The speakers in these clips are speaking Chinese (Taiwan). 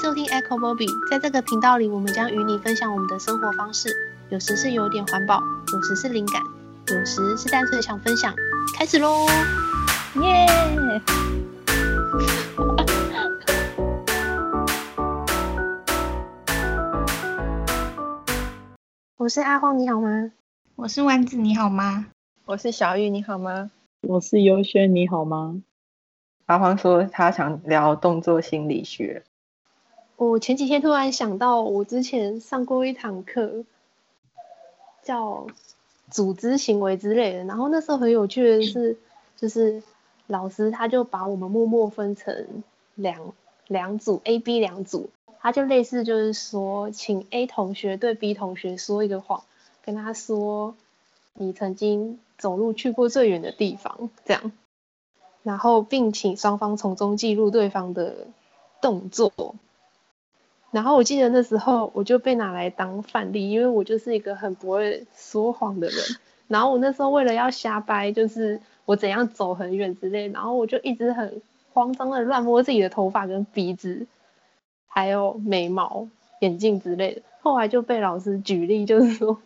收聽，聽 Echo Bobby，在這個頻道裡，我們將與你分享我們的生活方式。有時是有點環保，有時是靈感，有時是單純想分享。開始咯耶！Yeah! 我是阿荒，你好嗎？我是丸子，你好嗎？我是小玉，你好嗎？我是優萱，你好嗎？阿荒說他想聊動作心理學。我前幾天突然想到，我之前上過一堂課，叫組織行為之類的。然後那時候很有趣的是，就是老師他就把我們默默分成兩兩組 A、B 兩組，他就類似就是說，請 A 同學對 B 同學說一個謊，跟他說你曾經走路去過最遠的地方，這樣，然後並請雙方從中記錄對方的動作。然後我記得那時候我就被拿來當範例，因為我就是一個很不會說謊的人。然後我那時候為了要瞎掰，就是我怎樣走很遠之類，然後我就一直很慌張的亂摸自己的頭髮、跟鼻子、還有眉毛、眼鏡之類的。後來就被老師舉例，就是說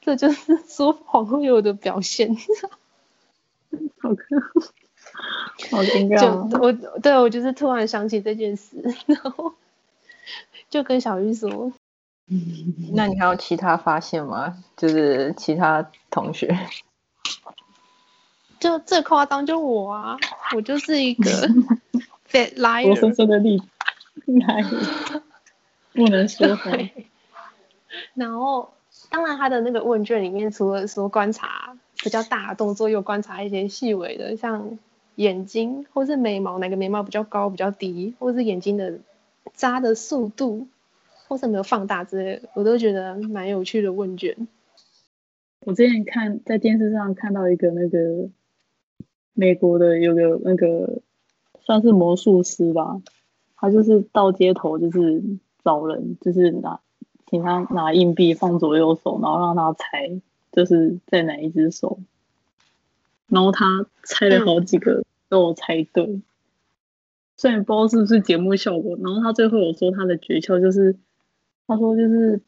這就是說謊會有的表現。 好尷好尷尬。我對我就是突然想起這件事，然後。就跟小玉說，嗯、那你還有其他發現嗎？就是其他同學，就最誇張就我啊，我就是一個 bad liar，活生生的例子， 不能說。然後，當然他的那個問卷裡面除了說觀察比較大的動作，又觀察一些細微的，像眼睛或是眉毛，哪個眉毛比較高、比較低，或是眼睛的。扎的速度，或是沒有放大之類的，我都覺得蠻有趣的問卷。我之前看在電視上看到一個那個美國的，有個那個算是魔術師吧，他就是到街頭就是找人，就是拿請他拿硬幣放左右手，然後讓他猜就是在哪一隻手，然後他猜了好幾個、嗯、都有猜對。雖然不知道是不是節目效果，然後他最後有說他的訣竅就是，他說就是，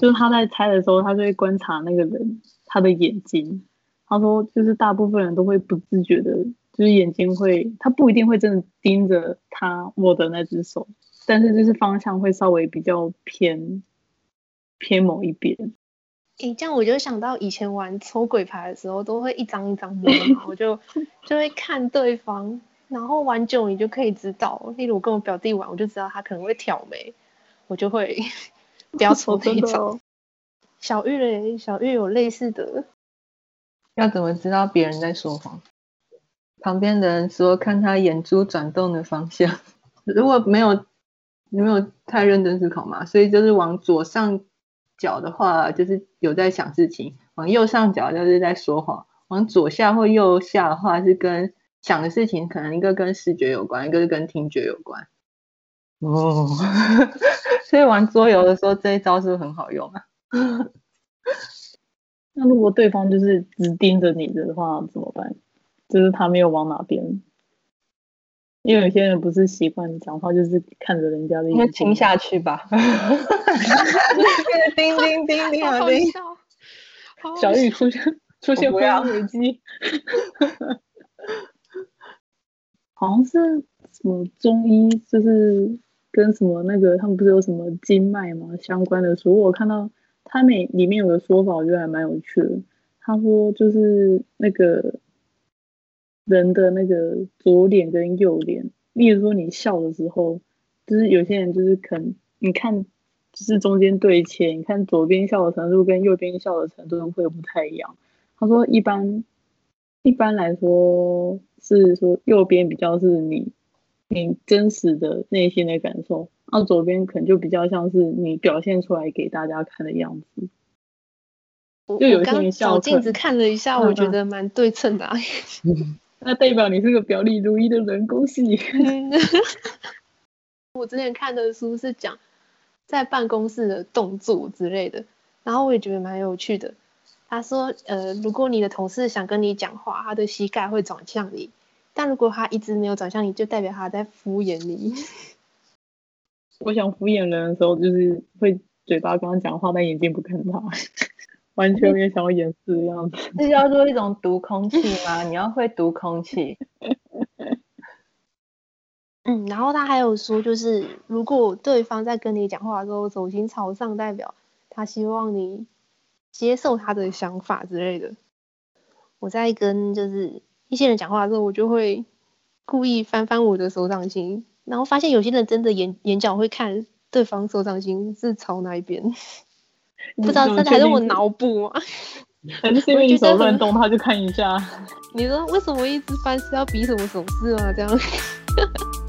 就是他在猜的時候，他就會觀察那個人他的眼睛。他說就是大部分人都會不自覺的，就是眼睛會，他不一定會真的盯着他握的那只手，但是就是方向會稍微比較偏偏某一邊。誒、欸，這樣我就想到以前玩抽鬼牌的時候，都會一張一張摸，然後就 就會看對方。然後玩久，你就可以知道。例如，我跟我表弟玩，我就知道他可能會挑眉，我就會 不要抽那一張 小玉咧，小玉有類似的。要怎麼知道別人在說謊？旁邊的人說，看他眼珠轉動的方向。 如果沒有，你沒有太認真思考嘛，所以就是往左上角的話，就是有在想事情；往右上角就是在說謊；往左下或右下的話，是跟。想的事情可能一個跟視覺有關，一個是跟聽覺有關，哦、oh. 所以玩桌遊的時候這一招是不是很好用啊？ 那如果對方就是只盯着你的話怎麼辦？就是他沒有往哪邊？因為有些人不是習慣講話，就是看着人家的一，你為聽下去吧。 叮,叮,叮叮叮叮，好,好,好,好笑，小玉出現，出現不要回擊 好像是什麼中醫，就是跟什麼那個，他們不是有什麼經脈嗎？相關的書我看到他那裡面有個說法，我覺得還蠻有趣的。他說就是那個人的那個左臉跟右臉，例如說你笑的時候，就是有些人就是肯你看就是中間對切，你看左邊笑的程度跟右邊笑的程度會不太一樣。他說一般。一般來說是說右邊比較是你、你真實的內心的感受，然、啊、後左邊可能就比較像是你表現出來給大家看的樣子。就有我剛照鏡子看了一下，吧我覺得蠻對稱的、啊， 那代表你是個表裡如一的人，恭喜你。 我之前看的書是講在辦公室的動作之類的，然後我也覺得蠻有趣的。他說：“呃，如果你的同事想跟你講話，他的膝蓋會轉向你；但如果他一直沒有轉向你，就代表他在敷衍你。我想敷衍人的時候，就是會嘴巴剛講話，但眼睛不看他，完全沒有想要掩飾的樣子、欸。這叫做一種讀空氣嗎？ 你要會讀空氣。 嗯，然後他還有說，就是如果對方在跟你講話的時候，手心朝上，代表他希望你。”接受他的想法之類的，我在跟就是一些人講話的時候，我就會故意翻翻我的手掌心，然後發現有些人真的眼眼角會看對方手掌心是朝哪一邊，不知道這還是我腦補啊？還是因為你手亂動他就看一下？你說為什麼一直翻是要比什麼手勢啊？這樣？